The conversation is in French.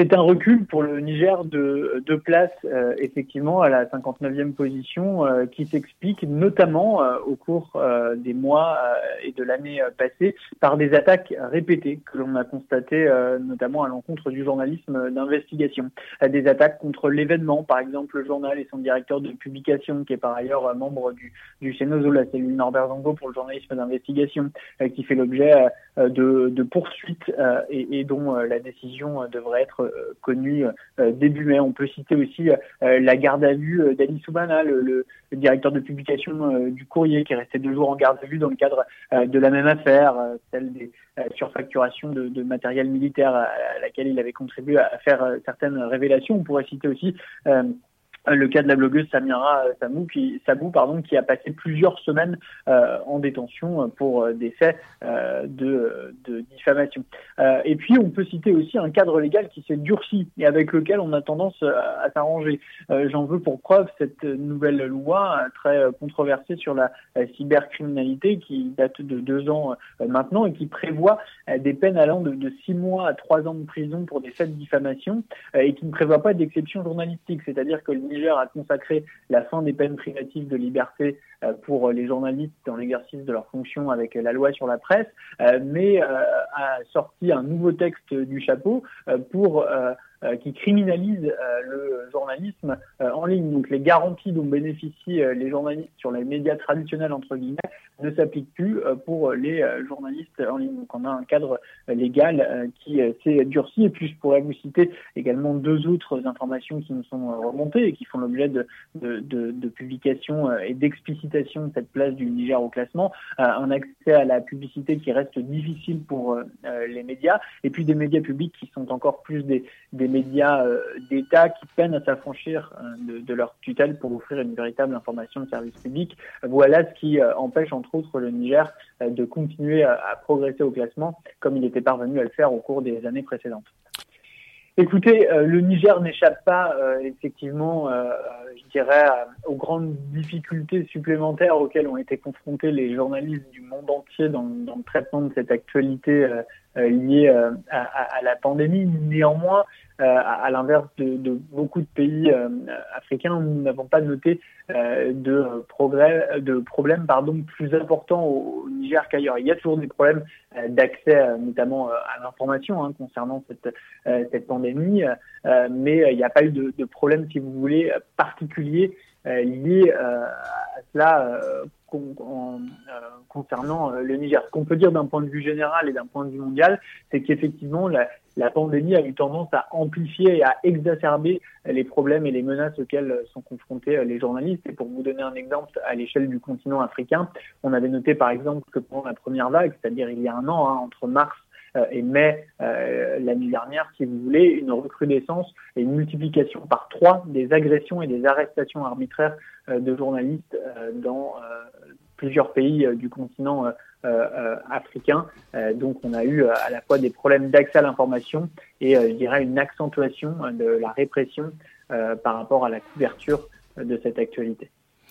C'est un recul pour le Niger de place euh, effectivement, à la 59e position, euh, qui s'explique notamment euh, au cours des mois et de l'année passée par des attaques répétées que l'on a constatées, notamment à l'encontre du journalisme d'investigation. Des attaques contre l'événement, par exemple le journal et son directeur de publication, qui est par ailleurs membre du, du la cellule Norbert Zango pour le journalisme d'investigation, qui fait l'objet de, de, poursuites et, et dont la décision devrait être connu euh, début mai. On peut citer aussi euh, la garde à vue euh, d'Ali Soubana, le, directeur de publication du courrier, qui restait deux jours en garde à vue dans le cadre de la même affaire, celle des surfacturations de, matériel militaire à laquelle il avait contribué à faire certaines révélations. On pourrait citer aussi le cas de la blogueuse Samira euh, Samou qui, Sabou pardon, qui a passé plusieurs semaines euh, en détention euh, pour des faits de, diffamation. et puis on peut citer aussi un cadre légal qui s'est durci et avec lequel on a tendance à, s'arranger. J'en veux pour preuve cette nouvelle loi très controversée sur la, cybercriminalité qui date de deux ans maintenant et qui prévoit des peines allant de, six mois à trois ans de prison pour des faits de diffamation et qui ne prévoit pas d'exception journalistique, c'est-à-dire que Niger a consacré la fin des peines privatives de liberté euh, pour euh, les journalistes dans l'exercice de leurs fonction avec euh, la loi sur la presse, mais a sorti un nouveau texte du chapeau pour euh, qui criminalise euh, le journalisme euh, en ligne. Donc les garanties dont bénéficient les journalistes sur les médias traditionnels, entre guillemets, ne s'appliquent plus pour les journalistes en ligne. Donc on a un cadre légal qui s'est durci. Et puis je pourrais vous citer également deux autres informations qui nous sont remontées et qui font l'objet de, de, de, de publications et d'explicitation de cette place du Niger au classement. Un accès à la publicité qui reste difficile pour les médias et puis des médias publics qui sont encore plus des médias euh, d'État qui peinent à s'affranchir euh, de, leur tutelle pour offrir une véritable information de service public. Voilà ce qui euh, empêche entre autres le Niger de continuer à, progresser au classement comme il était parvenu à le faire au cours des années précédentes. Écoutez, le Niger n'échappe pas effectivement, je dirais, aux grandes difficultés supplémentaires auxquelles ont été confrontés les journalistes du monde entier dans, le traitement de cette actualité liée à, la pandémie. Néanmoins, euh, à, l'inverse de, beaucoup de pays euh, africains nous n'avons pas noté euh, de, progrès, de problèmes pardon, plus importants au, Niger qu'ailleurs. Il y a toujours des problèmes d'accès, notamment à l'information hein, concernant cette, cette pandémie, mais il n'y a pas eu de, de problème, si vous voulez, particulier lié à cela euh, concernant euh, le Niger. Ce qu'on peut dire d'un point de vue général et d'un point de vue mondial, c'est qu'effectivement, la, pandémie a eu tendance à amplifier et à exacerber les problèmes et les menaces auxquelles sont confrontés euh, les journalistes. Et pour vous donner un exemple, à l'échelle du continent africain, on avait noté par exemple que pendant la première vague, c'est-à-dire il y a un an, hein, entre mars euh, et mai euh, l'année dernière, si vous voulez, une recrudescence et une multiplication par trois des agressions et des arrestations arbitraires euh, de journalistes dans plusieurs pays du continent africain. donc on a eu à la fois des problèmes d'accès à l'information et je dirais une accentuation de la répression par rapport à la couverture de cette actualité.